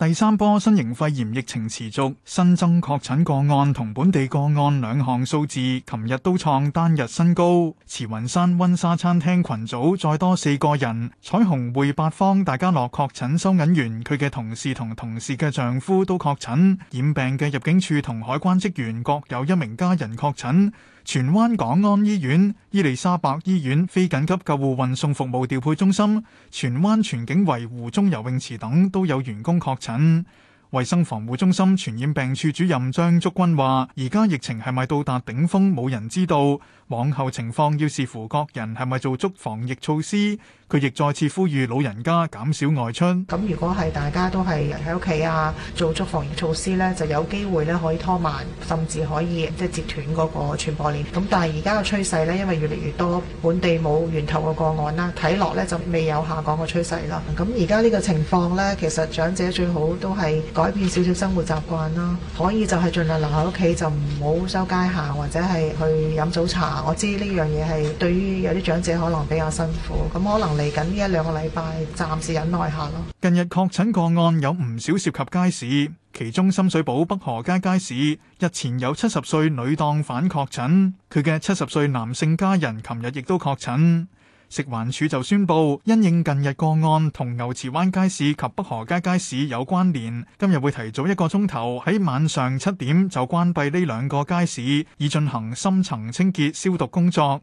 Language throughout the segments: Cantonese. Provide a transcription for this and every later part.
第三波新型肺炎疫情持續新增確診個案同本地個案兩項數字，琴日都創單日新高。慈雲山温莎餐廳群組再多四個人，彩虹匯八方大家樂確診收銀員，佢嘅同事同同事嘅丈夫都確診，染病嘅入境處同海關職員各有一名家人確診。荃灣港安醫院、伊利沙伯醫院、非緊急救護運送服務調配中心、荃灣全景維湖中游泳池等都有員工確診。衛生防護中心傳染病處主任張竹君話，而家疫情係咪到達頂峰冇人知道。往後情況要視乎各人係咪做足防疫措施。佢亦再次呼籲老人家減少外出。咁如果係大家都係喺屋企啊，做足防疫措施咧，就有機會咧可以拖慢，甚至可以即係截斷嗰個傳播鏈。咁但係而家嘅趨勢咧，因為越嚟越多本地冇源頭嘅個案啦，睇落咧就未有下降嘅趨勢啦。咁而家呢個情況咧，其實長者最好都係改變少少生活習慣啦，可以就係盡量留喺屋企，就唔好周街行或者係去飲早茶。我知呢樣嘢係對於有啲長者可能比較辛苦，咁可能。嚟緊呢一兩個禮拜，暫時忍耐下咯。近日確診個案有唔少涉及街市，其中深水埗北河街街市日前有七十歲女檔販確診，佢嘅七十歲男性家人琴日亦都確診。食環署就宣布，因應近日個案同牛池灣街市及北河街街市有關聯，今日會提早一個鐘頭喺晚上七點就關閉呢兩個街市，以進行深層清潔消毒工作。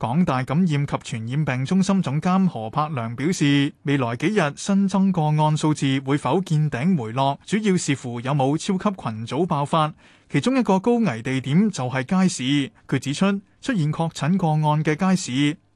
港大感染及傳染病中心總監何柏良表示，未來幾日新增個案數字會否見頂回落，主要視乎有冇超級群組爆發。其中一個高危地點就係街市。佢指出，出現確診個案嘅街市。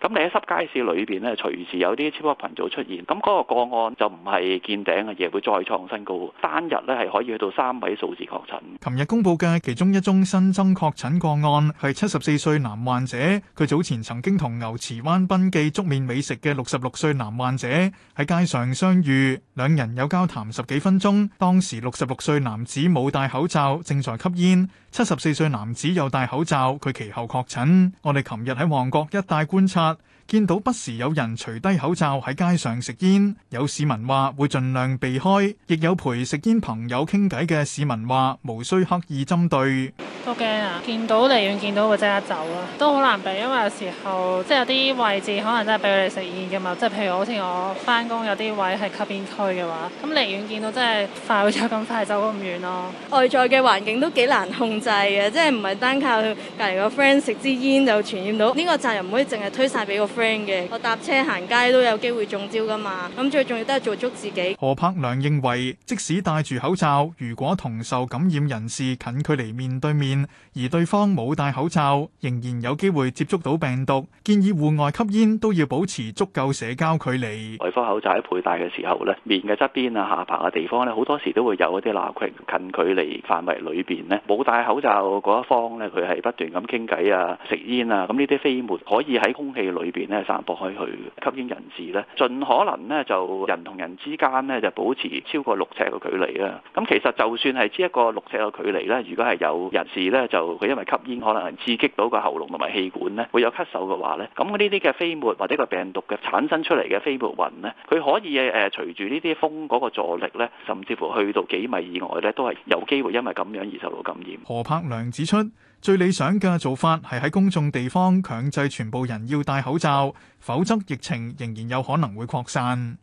咁你喺濕街市裏邊咧，隨時有啲超級群組出現，咁嗰個個案就唔係見頂嘅嘢，會再創新高。單日咧係可以去到三位數字確診。琴日公布嘅其中一宗新增確診個案係七十四歲男患者，佢早前曾經同牛池灣賓記粥麵美食嘅六十六歲男患者喺街上相遇，兩人有交談十幾分鐘。當時六十六歲男子冇戴口罩，正在吸煙；七十四歲男子又戴口罩，佢其後確診。我哋琴日喺旺角一帶觀察，見到不時有人除低口罩喺街上食煙，有市民話會盡量避開，亦有陪食煙朋友傾偈嘅市民話無需刻意針對。都驚啊！見到離遠見到會即刻走啦，都好難避，因為有時候即係有啲位置可能真係俾佢哋食煙㗎嘛，即係譬如好似我翻工有啲位係吸煙區嘅話，咁離遠見到真係快會走咁快走咁遠咯。外在嘅環境都幾難控制嘅，即係唔係單靠隔離個 friend 食支煙就傳染到呢個責任唔可以淨係推晒俾個 friend 嘅，我搭車行街都有機會中招噶嘛。咁最重要都係做足自己。何柏良認為，即使戴住口罩，如果同受感染人士近距離面對面，而對方冇戴口罩，仍然有機會接觸到病毒。建議戶外吸煙都要保持足夠社交距離。外科口罩喺佩戴嘅時候呢，面嘅側邊啊、下巴嘅地方呢，好多時都會有一啲罅隙，近距離範圍裏邊呢，冇戴口罩嗰一方呢，佢係不斷咁傾偈啊、食煙啊，咁呢啲飛沫可以喺空氣裏邊呢散播開去。吸煙人士呢，盡可能呢就人同人之間呢就保持超過六尺嘅距離啦。咁其實就算係只一個六尺嘅距離呢，如果係有人士。而咧就佢因為吸煙可能刺激到個喉嚨同埋氣管咧，會有咳嗽嘅話咧，咁呢啲嘅飛沫或者個病毒嘅產生出嚟嘅飛沫雲咧，佢可以誒隨住呢啲風嗰個助力咧，甚至乎去到幾米以外咧，都係有機會因為咁樣而受到感染。何柏良指出，最理想嘅做法係喺公眾地方強制全部人要戴口罩，否則疫情仍然有可能會擴散。